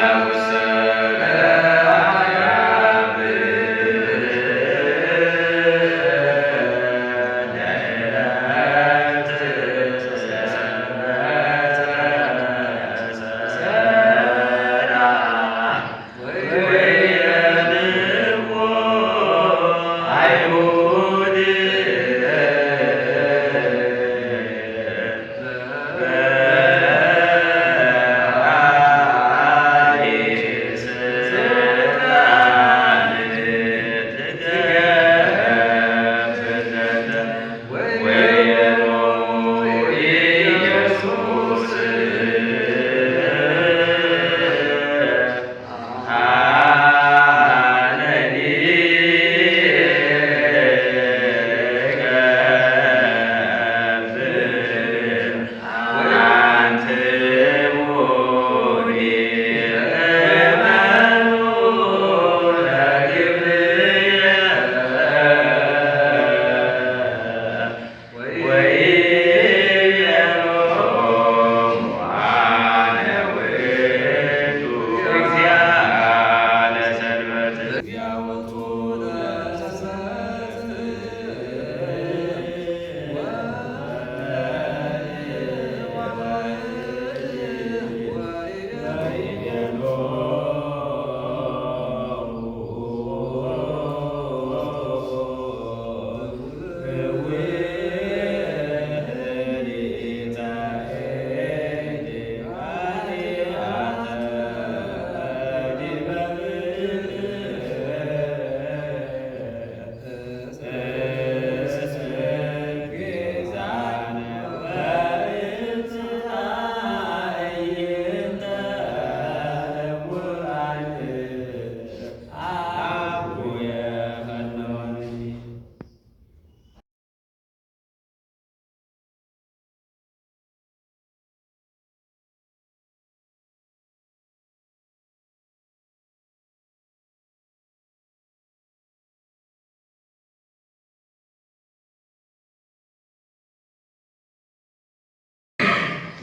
allow us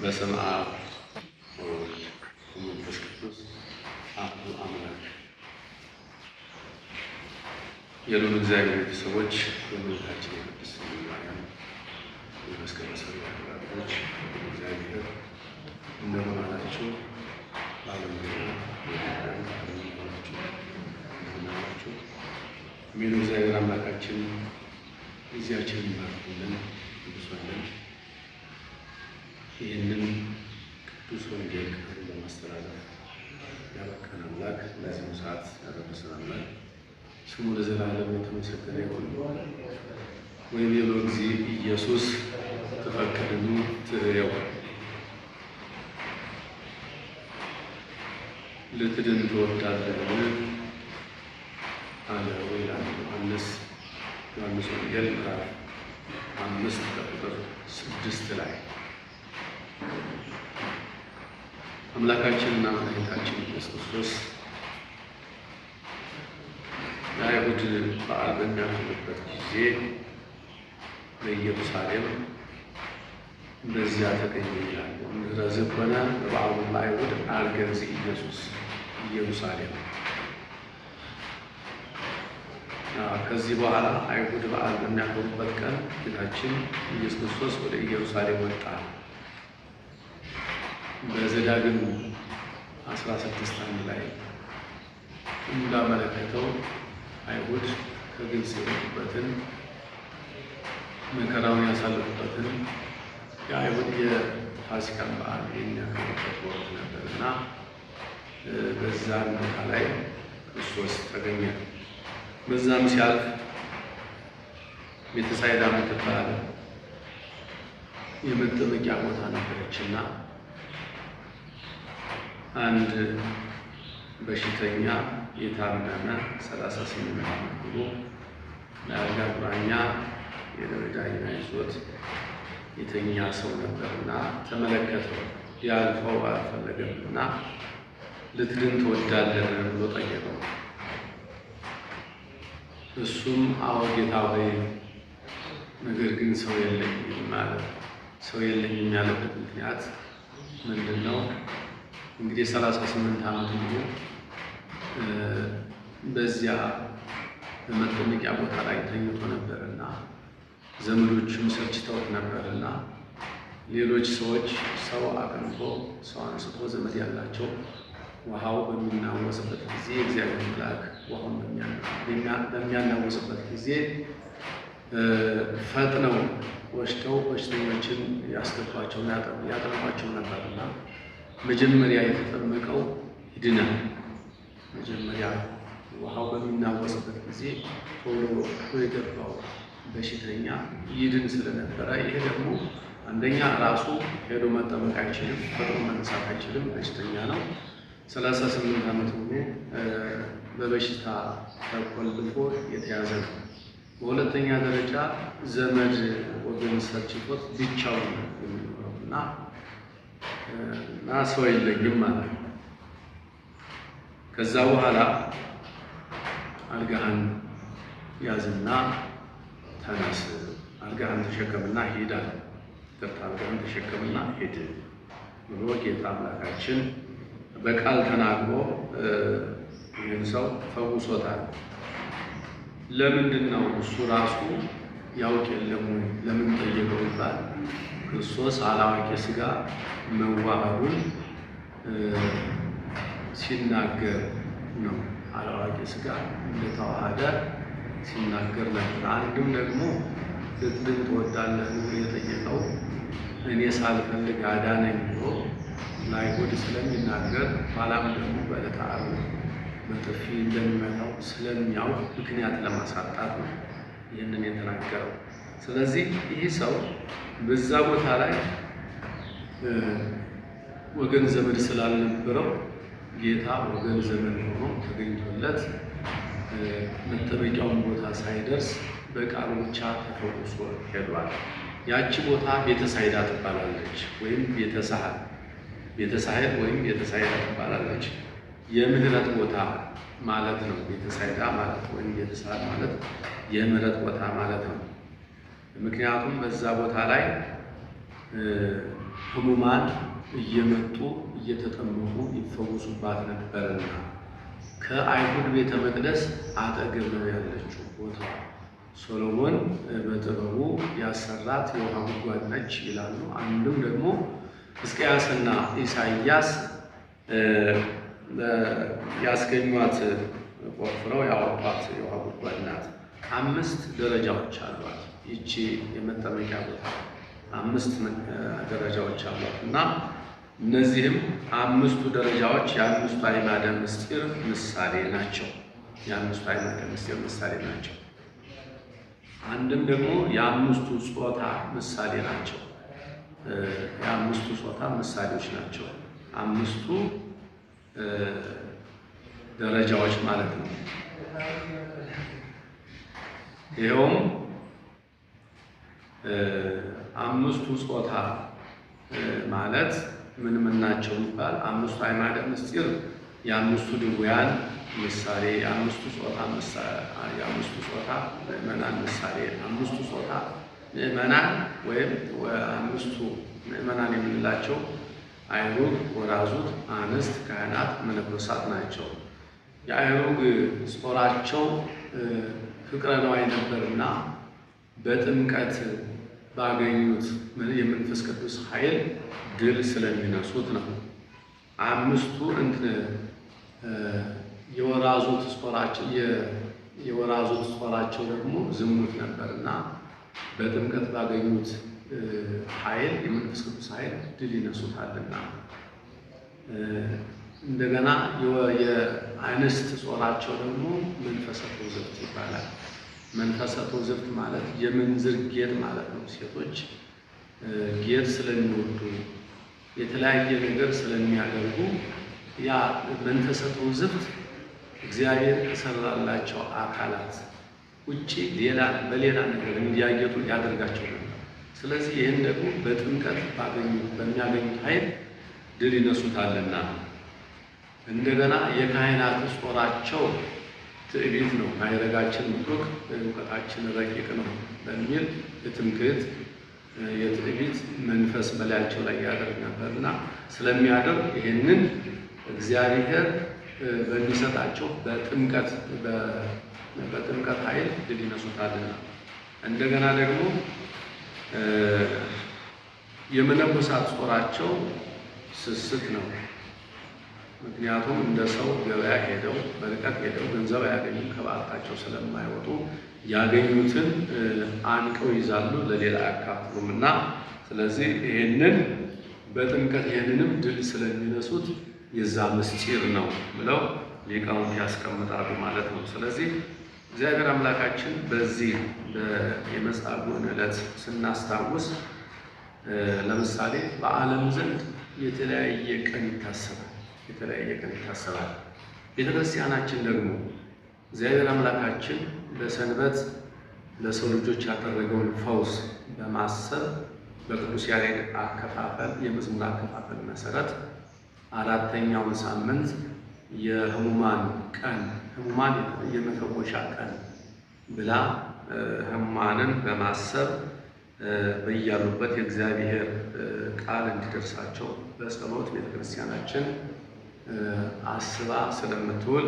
በስም አብ መንፈስ ቅዱስ አሐዱ አምላክ። የሉሉ እግዚአብሔር ቤተሰቦች የእመቤታችን የቅድስት ድንግል ማርያም የመስቀመሰብ ያላቶች እግዚአብሔር እንደምን አላችሁ? በዓለም ዙሪያ ናችሁ ናችሁ የሚሉ እግዚአብሔር አምላካችን ጊዜያችን ይባርክልን ይብዛልን። ይህንን ቅዱስ ወንጌል ቀን በማስተላለፍ ያበቃን አምላክ ለዚህ ሰዓት ያደረሰን አምላክ ስሙ ለዘላለም የተመሰገነ ይሁን። ወይቤሎ ጊዜ ኢየሱስ ትፈቅድኑ ትሬው ልትድን ትወዳለህን አለ ይላል ዮሐንስ ዮሐንስ ወንጌል ምዕራፍ አምስት ቁጥር ስድስት ላይ አምላካችንና መድኃኒታችን ኢየሱስ ክርስቶስ የአይሁድ በዓል በሚያከብርበት ጊዜ በኢየሩሳሌም እንደዚያ ተገኘ ይላል። ሆነ በበዓሉ ለአይሁድ አልገንዝ ኢየሱስ ኢየሩሳሌም። ከዚህ በኋላ አይሁድ በዓል በሚያከብሩበት ቀን ጌታችን ኢየሱስ ክርስቶስ ወደ ኢየሩሳሌም ወጣ። በዘዳግም 16 አንድ ላይ እንዳመለከተው አይሁድ ከግብፅ የወጡበትን መከራውን ያሳለፉበትን የአይሁድ የፋሲካን በዓል የሚያከብሩበት ወቅት ነበር እና በዛን ቦታ ላይ ክርስቶስ ተገኘ። በዛም ሲያልፍ ቤተሳይዳ ምትባል የመጠመቂያ ቦታ ነበረች እና አንድ በሽተኛ የታመመ 38 ዓመት ብሎ ለአልጋ ቁራኛ የደረጃ አይና ይዞት የተኛ ሰው ነበርና ተመለከተው። ያልፈው አልፈለገምና ልትድን ትወዳለህ ብሎ ጠየቀው። እሱም አዎ ጌታ ሆይ፣ ነገር ግን ሰው የለኝም ማለት ሰው የለኝም ያለበት ምክንያት ምንድን ነው? እንግዲህ የሰላሳ ስምንት ዓመት ሙሉ በዚያ መጠመቂያ ቦታ ላይ ተኝቶ ነበርና ዘመዶቹም ሰልችተውት ነበርና ሌሎች ሰዎች ሰው አቅንቶ ሰው አንስቶ ዘመድ ያላቸው ውሃው በሚናወስበት ጊዜ እግዚአብሔር መልአክ ውሃውን በሚያናወስበት ጊዜ ፈጥነው ወስደው በሽተኞችን ያስገቧቸውና ያጠምቋቸው ነበርና መጀመሪያ የተጠመቀው ይድናል። መጀመሪያ ውሃው በሚናወስበት ጊዜ ቶሎ የገባው በሽተኛ ይድን ስለነበረ፣ ይሄ ደግሞ አንደኛ ራሱ ሄዶ መጠመቅ አይችልም፣ ፈጥሮ መነሳት አይችልም፣ በሽተኛ ነው። ሰላሳ ስምንት ዓመት ሆኖ በበሽታ ተቆልፎ የተያዘ ነው። በሁለተኛ ደረጃ ዘመድ ወገን ሰርችቶት ብቻውን የሚኖረው እና እና ሰው የለኝም አለ። ከዛ በኋላ አልጋህን ያዝና ተነስ፣ አልጋህን ተሸከምና ሂድ ቅርታ አልጋህን ተሸከምና ሂድ ብሎ ጌታ አምላካችን በቃል ተናግሮ ይህን ሰው ፈውሶታል። ለምንድን ነው እሱ ራሱ ያውቅ የለም ለምን ጠየቀው ይባል ክርስቶስ አላዋቂ ስጋ መዋሃዱን ሲናገር ነው። አላዋቂ ስጋ እንደተዋሃደ ሲናገር ነበር። አንድም ደግሞ ልትድን ትወዳለህ ብሎ የጠየቀው እኔ ሳልፈልግ አዳነኝ ብሎ ለአይሁድ ስለሚናገር ኋላም ደግሞ በዕለተ ዓርብ በጥፊ እንደሚመታው ስለሚያውቅ ምክንያት ለማሳጣት ነው ይህንን የተናገረው። ስለዚህ ይህ ሰው በዛ ቦታ ላይ ወገን ዘመድ ስላልነበረው ጌታ ወገን ዘመድ ሆኖ ተገኝቶለት መጠበቂያውን ቦታ ሳይደርስ በቃሉ ብቻ ተፈውሶ ሄዷል። ያቺ ቦታ ቤተሳይዳ ትባላለች፣ ወይም ቤተሳህል ቤተሳህል ወይም ቤተሳይዳ ትባላለች። የምህረት ቦታ ማለት ነው። ቤተሳይዳ ማለት ወይም ቤተሳህል ማለት የምህረት ቦታ ማለት ነው። ምክንያቱም በዛ ቦታ ላይ ህሙማን እየመጡ እየተጠመቁ ይፈወሱባት ነበርና ከአይሁድ ቤተ መቅደስ አጠገብ ነው ያለችው ቦታ። ሶሎሞን በጥበቡ ያሰራት የውሃ ጉድጓድ ነች ይላሉ። አንድም ደግሞ ሕዝቅያስና ኢሳይያስ ያስገኟት ቆፍረው ያወጧት የውሃ ጉድጓድ ናት። አምስት ደረጃዎች አሏት። ይቺ የመጠመቂያ ቦታ አምስት ደረጃዎች አሏት እና እነዚህም አምስቱ ደረጃዎች የአምስቱ አዕማደ ምስጢር ምሳሌ ናቸው። የአምስቱ አዕማደ ምስጢር ምሳሌ ናቸው። አንድም ደግሞ የአምስቱ ጾታ ምሳሌ ናቸው። የአምስቱ ጾታ ምሳሌዎች ናቸው። አምስቱ ደረጃዎች ማለት ነው። ይኸውም አምስቱ ጾታ ማለት ምን ምን ናቸው ይባል? አምስቱ አዕማደ ምስጢር የአምስቱ ድውያን ምሳሌ፣ የአምስቱ ጾታ ምሳሌ፣ የአምስቱ ጾታ ምዕመናን ምሳሌ፣ አምስቱ ጾታ ምዕመናን ወይም አምስቱ ምዕመናን የምንላቸው አይሩግ፣ ወራዙት፣ አንስት፣ ካህናት፣ መነኮሳት ናቸው። የአይሩግ ጾራቸው ፍቅረ ነዋይ ነበርና በጥምቀት ባገኙት የመንፈስ ቅዱስ ኃይል ድል ስለሚነሱት ነው። አምስቱ እንትን የወራዙት ስፖራቸው የወራዙት ስፖራቸው ደግሞ ዝሙት ነበርና በጥምቀት ባገኙት ኃይል የመንፈስ ቅዱስ ኃይል ድል ይነሱታልና እንደገና የአንስት ጾራቸው ደግሞ መንፈሰ ትውዘብት ይባላል። መንፈሰ ትውዝብት ማለት የምንዝር ጌጥ ማለት ነው። ሴቶች ጌጥ ስለሚወዱ የተለያየ ነገር ስለሚያደርጉ ያ መንፈሰ ትውዝብት እግዚአብሔር ከሰራላቸው አካላት ውጭ ሌላ በሌላ ነገር እንዲያጌጡ ያደርጋቸው ነበር። ስለዚህ ይህን ደግሞ በጥምቀት በሚያገኙት ኃይል ድል ይነሱታልና እንደገና የካህናት ጾራቸው ትዕቢት ነው፣ የረጋችን ምጡቅ፣ እውቀታችን ረቂቅ ነው በሚል የትምክህት የትዕቢት መንፈስ በላያቸው ላይ ያደርግ ነበር እና ስለሚያደርግ ይህንን እግዚአብሔር በሚሰጣቸው በጥምቀት በጥምቀት ኃይል ድል ይነሱታልና እንደገና ደግሞ የመነኮሳት ጦራቸው ስስት ነው። ምክንያቱም እንደ ሰው ገበያ ሄደው በርቀት ሄደው ገንዘብ አያገኙም። ከበዓታቸው ስለማይወጡ ያገኙትን አንቀው ይዛሉ፣ ለሌላ አያካፍሉም እና ስለዚህ ይህንን በጥምቀት ይህንንም ድል ስለሚነሱት የዛ ምስጢር ነው ብለው ሊቃውንት ያስቀምጣሉ ማለት ነው። ስለዚህ እግዚአብሔር አምላካችን በዚህ የመጻጉዕን ዕለት ስናስታውስ ለምሳሌ በዓለም ዘንድ የተለያየ ቀን ይታሰባል። የተለያየ ቀን ይታሰባል። ቤተክርስቲያናችን ደግሞ እግዚአብሔር አምላካችን በሰንበት ለሰው ልጆች ያደረገውን ፈውስ በማሰብ በቅዱስ ያሬድ አከፋፈል የመዝሙር አከፋፈል መሰረት አራተኛውን ሳምንት የህሙማን ቀን ህሙማን የመፈወሻ ቀን ብላ ህሙማንን በማሰብ በያሉበት የእግዚአብሔር ቃል እንዲደርሳቸው በጸሎት ቤተክርስቲያናችን አስባ ስለምትውል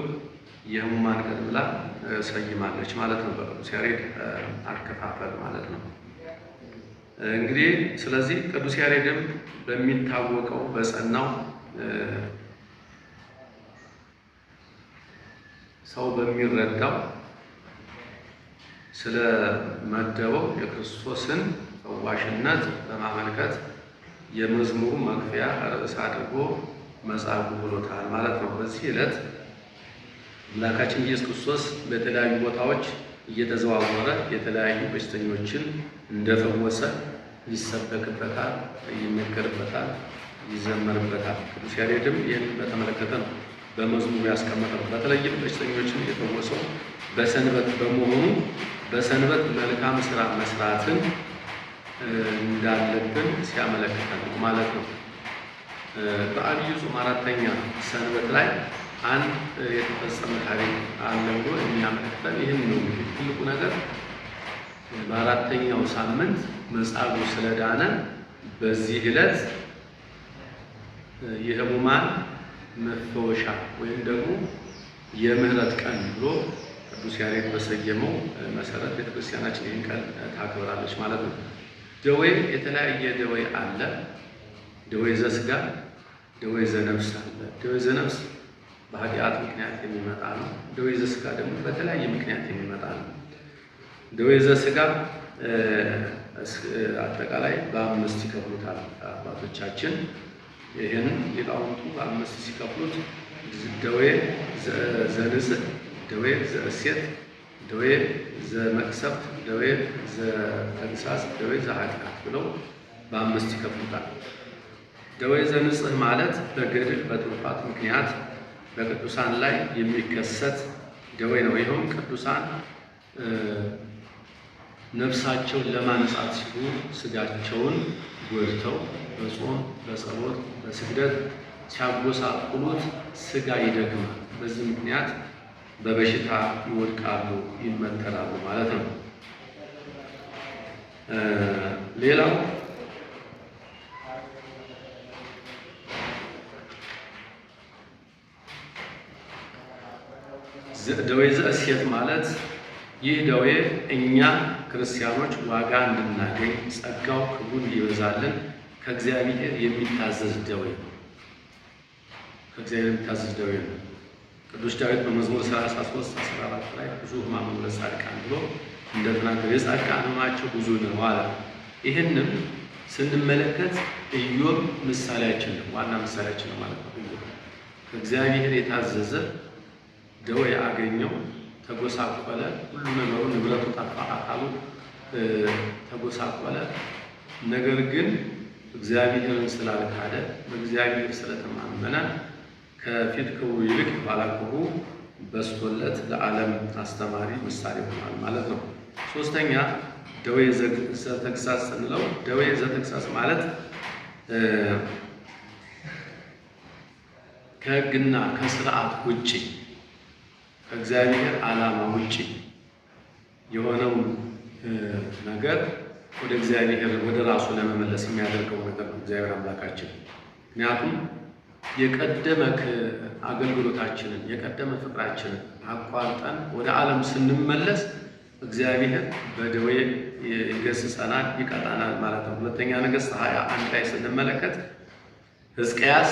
የሕሙማን ቀን ብላ ሰይማለች ማለት ነው። በቅዱስ ያሬድ አከፋፈል ማለት ነው። እንግዲህ ስለዚህ ቅዱስ ያሬድም በሚታወቀው በጸናው ሰው በሚረዳው ስለመደበው የክርስቶስን ፈዋሽነት በማመልከት የመዝሙሩ መክፈያ ርዕስ አድርጎ መጻጉዕ ብሎታል ማለት ነው። በዚህ ዕለት አምላካችን ኢየሱስ ክርስቶስ በተለያዩ ቦታዎች እየተዘዋወረ የተለያዩ በሽተኞችን እንደፈወሰ ይሰበክበታል፣ ይነገርበታል፣ ይዘመርበታል። ቅዱስ ያሬድም ይህን በተመለከተ ነው በመዝሙሩ ያስቀመጠው። በተለይም በሽተኞችን የፈወሰው በሰንበት በመሆኑ በሰንበት መልካም ስራ መስራትን እንዳለብን ሲያመለክተን ማለት ነው። በአብይ ጾም አራተኛ ሰንበት ላይ አንድ የተፈጸመ ታሪክ አለ ብሎ የሚያመለክተን ይህን ነው። እንግዲህ ትልቁ ነገር በአራተኛው ሳምንት መጻጉዕ ስለዳነ በዚህ ዕለት የሕሙማን መፈወሻ ወይም ደግሞ የምህረት ቀን ብሎ ቅዱስ ያሬድ በሰየመው መሰረት ቤተክርስቲያናችን ይህን ቀን ታክብራለች ማለት ነው። ደዌ የተለያየ ደዌ አለ። ደዌ ዘስጋ። ደዌ ዘነፍስ አለ። ደዌ ዘነፍስ በኃጢአት ምክንያት የሚመጣ ነው። ደዌ ዘስጋ ደግሞ በተለያየ ምክንያት የሚመጣ ነው። ደዌ ዘስጋ አጠቃላይ በአምስት ይከፍሉታል አባቶቻችን። ይህን ሊቃውንቱ በአምስት ሲከፍሉት ደዌ ዘንጽህ፣ ደዌ ዘእሴት፣ ደዌ ዘመቅሰፍት፣ ደዌ ዘተንሳስ፣ ደዌ ዘኃጢአት ብለው በአምስት ይከፍሉታል። ደዌ ዘንጽህ ማለት በገድል በትሩፋት ምክንያት በቅዱሳን ላይ የሚከሰት ደዌ ነው። ይኸውም ቅዱሳን ነፍሳቸውን ለማንጻት ሲሉ ስጋቸውን ጎድተው በጾም በጸሎት በስግደት ሲያጎሳቁሉት ስጋ ይደግማል። በዚህ ምክንያት በበሽታ ይወድቃሉ፣ ይመተራሉ ማለት ነው። ሌላው ደዌ ዘእሴት ማለት ይህ ደዌ እኛ ክርስቲያኖች ዋጋ እንድናገኝ ጸጋው ክቡር ይበዛልን ከእግዚአብሔር የሚታዘዝ ደዌ ነው። ከእግዚአብሔር የሚታዘዝ ደዌ ነው። ቅዱስ ዳዊት በመዝሙር 33 14 ላይ ብዙ ሕማም ለጻድቃን ብሎ እንደተናገረ የጻድቃን ሕማማቸው ብዙ ነው አለ። ይህንም ስንመለከት ኢዮብ ምሳሌያችን ነው፣ ዋና ምሳሌያችን ነው ማለት ነው። ከእግዚአብሔር የታዘዘ ደዌ አገኘው፣ ተጎሳቆለ፣ ሁሉ ነገሩ ንብረቱ ጠፋ፣ አካሉ ተጎሳቆለ። ነገር ግን እግዚአብሔርን ስላልካደ በእግዚአብሔር ስለተማመነ ከፊት ክቡ ይልቅ የኋላ ክቡ በስቶለት ለዓለም አስተማሪ ምሳሌ ሆኗል ማለት ነው። ሶስተኛ ደዌ ዘተግሳስ ስንለው ደዌ ዘተግሳስ ማለት ከህግና ከስርዓት ውጭ ከእግዚአብሔር ዓላማ ውጭ የሆነው ነገር ወደ እግዚአብሔር ወደ ራሱ ለመመለስ የሚያደርገው ነገር ነው እግዚአብሔር አምላካችን። ምክንያቱም የቀደመ አገልግሎታችንን የቀደመ ፍቅራችንን አቋርጠን ወደ ዓለም ስንመለስ እግዚአብሔር በደዌ ይገስጸናል፣ ይቀጣናል ማለት ነው። ሁለተኛ ነገሥት ሀያ አንድ ላይ ስንመለከት ሕዝቅያስ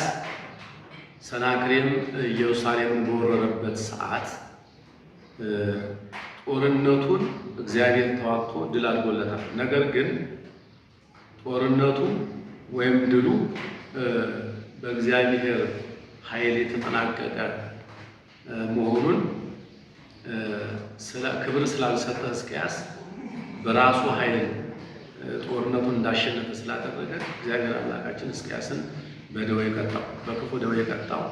ሰናክሬም ኢየሩሳሌምን በወረረበት ሰዓት ጦርነቱን እግዚአብሔር ተዋግቶ ድል አድርጎለታል። ነገር ግን ጦርነቱ ወይም ድሉ በእግዚአብሔር ኃይል የተጠናቀቀ መሆኑን ክብር ስላልሰጠ ሕዝቅያስ በራሱ ኃይል ጦርነቱን እንዳሸነፈ ስላደረገ እግዚአብሔር አምላካችን ሕዝቅያስን በደዌ ቀጣው፣ በክፉ ደዌ የቀጣው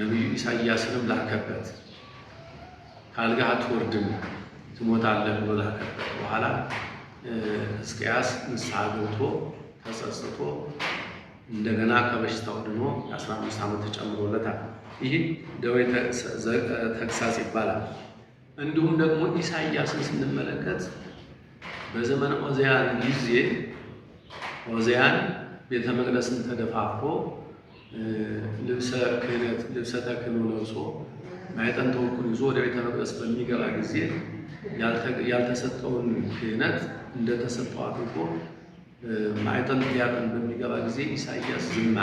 ነቢዩ ኢሳያስንም ላከበት። ካልጋ አትወርድም ትሞታለህ ብሎ ላከበት በኋላ ሕዝቅያስ ንስሐ ገብቶ ተጸጽቶ እንደገና ከበሽታው ድኖ የ15 ዓመት ተጨምሮለታል። ይህ ደዌ ተግሳጽ ይባላል። እንዲሁም ደግሞ ኢሳያስን ስንመለከት በዘመነ ኦዚያን ጊዜ ኦዚያን ቤተ መቅደስን ተደፋፍሮ ልብሰ ክህነት ልብሰ ተክህኖ ለብሶ ማዕጠን ተወኩን ይዞ ወደ ቤተ መቅደስ በሚገባ ጊዜ ያልተሰጠውን ክህነት እንደተሰጠው አድርጎ ማዕጠን ሊያጠን በሚገባ ጊዜ ኢሳያስ ዝማ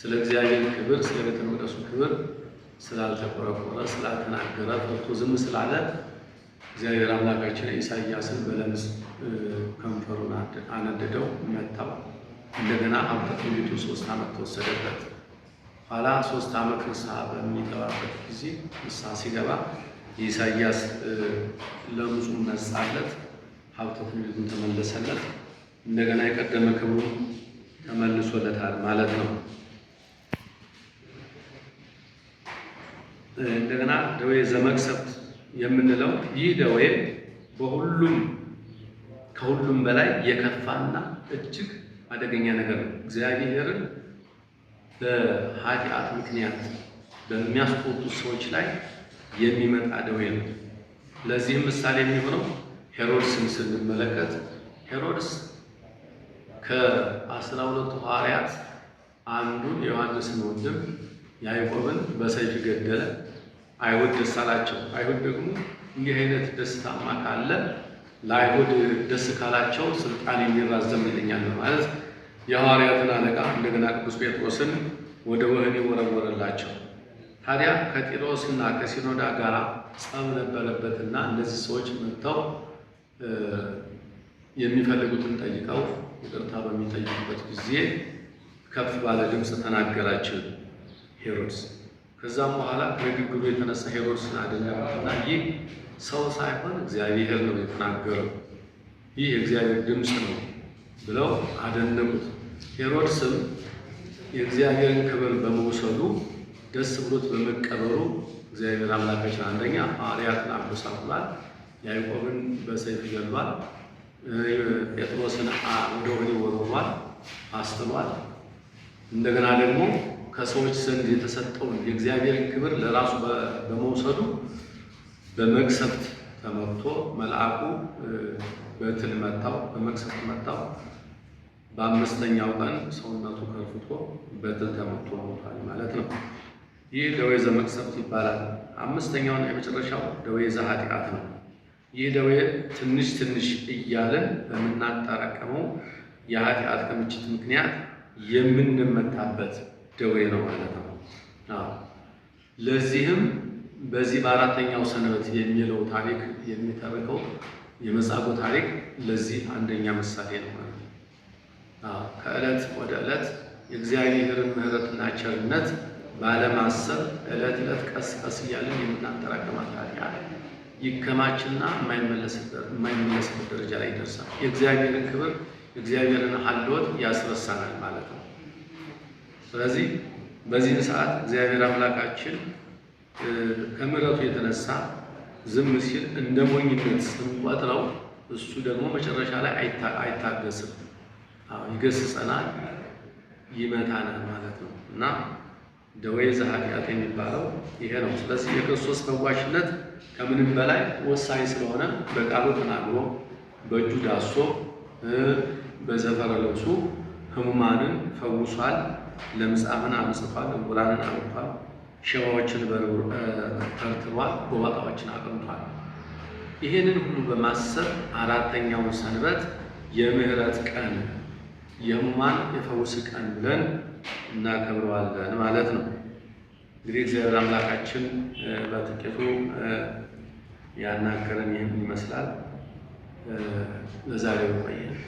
ስለ እግዚአብሔር ክብር፣ ስለ ቤተ መቅደሱ ክብር ስላልተቆረቆረ፣ ስላልተናገረ፣ ፈርቶ ዝም ስላለ እግዚአብሔር አምላካችን ኢሳያስን በለምጽ ከንፈሩን አነደደው፣ መታው። እንደገና ሀብተ ትንቢቱ ሶስት ዓመት ተወሰደበት። ኋላ ሶስት ዓመት ንስሐ በሚገባበት ጊዜ ንስሐ ሲገባ የኢሳያስ ለምጹም ነጻለት፣ ሀብተ ትንቢቱን ተመለሰለት፣ እንደገና የቀደመ ክብሩ ተመልሶለታል ማለት ነው። እንደገና ደዌ ዘመቅሰብት የምንለው ይህ ደዌ በሁሉም ከሁሉም በላይ የከፋና እጅግ አደገኛ ነገር ነው። እግዚአብሔርን በኃጢአት ምክንያት በሚያስቆጡ ሰዎች ላይ የሚመጣ ደዌ ነው። ለዚህም ምሳሌ የሚሆነው ሄሮድስን ስንመለከት ሄሮድስ ከአስራ ሁለቱ ሐዋርያት አንዱን የዮሐንስን ወንድም ያዕቆብን በሰይፍ ገደለ። አይሁድ ደስ አላቸው። አይሁድ ደግሞ እንዲህ አይነት ደስታማ ካለ ለአይሁድ ደስ ካላቸው ስልጣን የሚራዘምልኛል ማለት የሐዋርያትን አለቃ እንደገና ቅዱስ ጴጥሮስን ወደ ወህኒ ወረወረላቸው። ታዲያ ከጢሮስና ከሲኖዳ ጋር ጸብ ነበረበትና እነዚህ ሰዎች መጥተው የሚፈልጉትን ጠይቀው ይቅርታ በሚጠይቁበት ጊዜ ከፍ ባለ ድምፅ ተናገራቸው ሄሮድስ። ከዛም በኋላ ንግግሩ የተነሳ ሄሮድስን አደነቁትና ይህ ሰው ሳይሆን እግዚአብሔር ነው የተናገረው፣ ይህ የእግዚአብሔር ድምፅ ነው ብለው አደነቁት። ሄሮድስም የእግዚአብሔርን ክብር በመውሰዱ ደስ ብሎት በመቀበሩ እግዚአብሔር አምላካችን አንደኛ ሐዋርያትን አጎሳቁሏል። ያዕቆብን በሰይፍ ገድሏል። ጴጥሮስን ወደ ወህኒ ወርውሯል፣ አስጥሏል። እንደገና ደግሞ ከሰዎች ዘንድ የተሰጠውን የእግዚአብሔርን ክብር ለራሱ በመውሰዱ በመቅሰፍት ተመቶ መልአኩ በትል መታው፣ በመቅሰፍት መታው። በአምስተኛው ቀን ሰውነቱ ከፍቶ በትል ተመቶ ሞቷል ማለት ነው። ይህ ደዌ ዘመቅሰፍት ይባላል። አምስተኛውና የመጨረሻው ደዌ ዘኃጢአት ነው። ይህ ደዌ ትንሽ ትንሽ እያለን በምናጠራቀመው የኃጢአት ክምችት ምክንያት የምንመታበት ደዌ ነው ማለት ነው። ለዚህም በዚህ በአራተኛው ሰንበት የሚለው ታሪክ የሚተርከው የመጻጉዕ ታሪክ ለዚህ አንደኛ ምሳሌ ነው ማለት ነው። ከዕለት ወደ ዕለት የእግዚአብሔርን ምሕረትና ቸርነት ባለማሰብ ዕለት ዕለት ቀስ ቀስ እያለን የምናጠራቀማት ኃጢአት ይከማችና የማይመለስበት ደረጃ ላይ ይደርሳል። የእግዚአብሔርን ክብር የእግዚአብሔርን ሀልወት ያስረሳናል ማለት ነው። ስለዚህ በዚህን ሰዓት እግዚአብሔር አምላካችን ከምሕረቱ የተነሳ ዝም ሲል እንደ ሞኝነት ስንቆጥረው እሱ ደግሞ መጨረሻ ላይ አይታገስም። ይገስጸናል፣ ይመታናል ማለት ነው እና ደዌ ዘኃጢአት የሚባለው ይሄ ነው። ስለዚህ የክርስቶስ ፈዋሽነት ከምንም በላይ ወሳኝ ስለሆነ በቃሉ ተናግሮ በእጁ ዳሶ በዘፈረ ልብሱ ህሙማንን ፈውሷል። ለምጻምን አምጽቷል፣ እንቁላንን አምጥቷል፣ ሸባዎችን ተርትሯል፣ ጎባጣዎችን አቅንቷል። ይህንን ሁሉ በማሰብ አራተኛውን ሰንበት የምህረት ቀን የህሙማን የፈውስ ቀን ብለን እናከብረዋለን ማለት ነው። እንግዲህ እግዚአብሔር አምላካችን በጥቂቱ ያናገረን ይህም ይመስላል። ለዛሬው ይቆያል።